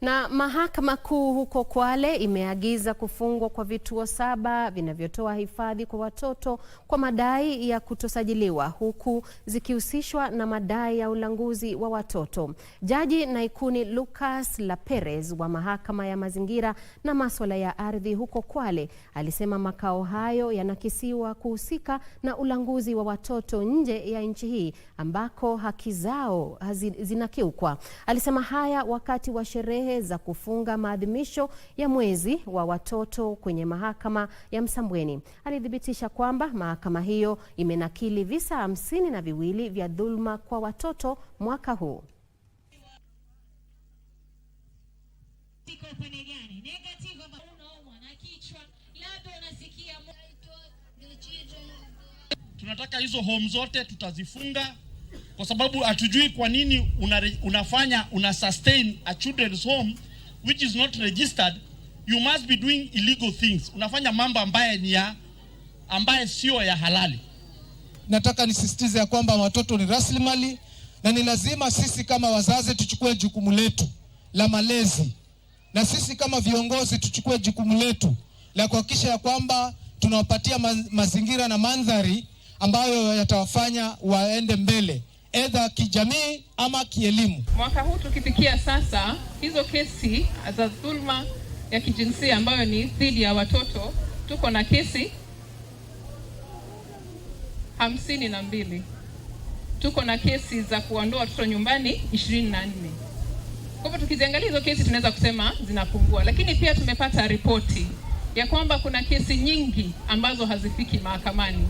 Na Mahakama Kuu huko Kwale imeagiza kufungwa kwa vituo saba vinavyotoa hifadhi kwa watoto kwa madai ya kutosajiliwa huku zikihusishwa na madai ya ulanguzi wa watoto. Jaji Naikuni Lucas Laperes wa Mahakama ya Mazingira na Masuala ya Ardhi huko Kwale alisema makao hayo yanakisiwa kuhusika na ulanguzi wa watoto nje ya nchi hii ambako haki zao zinakiukwa. Alisema haya wakati wa sherehe sherehe za kufunga maadhimisho ya mwezi wa watoto kwenye mahakama ya Msambweni. Alithibitisha kwamba mahakama hiyo imenakili visa hamsini na viwili vya dhuluma kwa watoto mwaka huu. Tunataka hizo home zote tutazifunga kwa sababu hatujui kwa nini una, unafanya una sustain a children's home which is not registered. You must be doing illegal things, unafanya mambo ambaye ni ya ambaye sio ya halali. Nataka nisisitize ya kwamba watoto ni rasilimali na ni lazima sisi kama wazazi tuchukue jukumu letu la malezi, na sisi kama viongozi tuchukue jukumu letu la kuhakikisha ya kwamba tunawapatia mazingira na mandhari ambayo yatawafanya waende mbele edha kijamii ama kielimu. Mwaka huu tukifikia sasa, hizo kesi za dhulma ya kijinsia ambayo ni dhidi ya watoto, tuko na kesi hamsini na mbili. Tuko na kesi za kuondoa watoto nyumbani ishirini na nne. Kwa hivyo tukiziangalia hizo kesi tunaweza kusema zinapungua, lakini pia tumepata ripoti ya kwamba kuna kesi nyingi ambazo hazifiki mahakamani.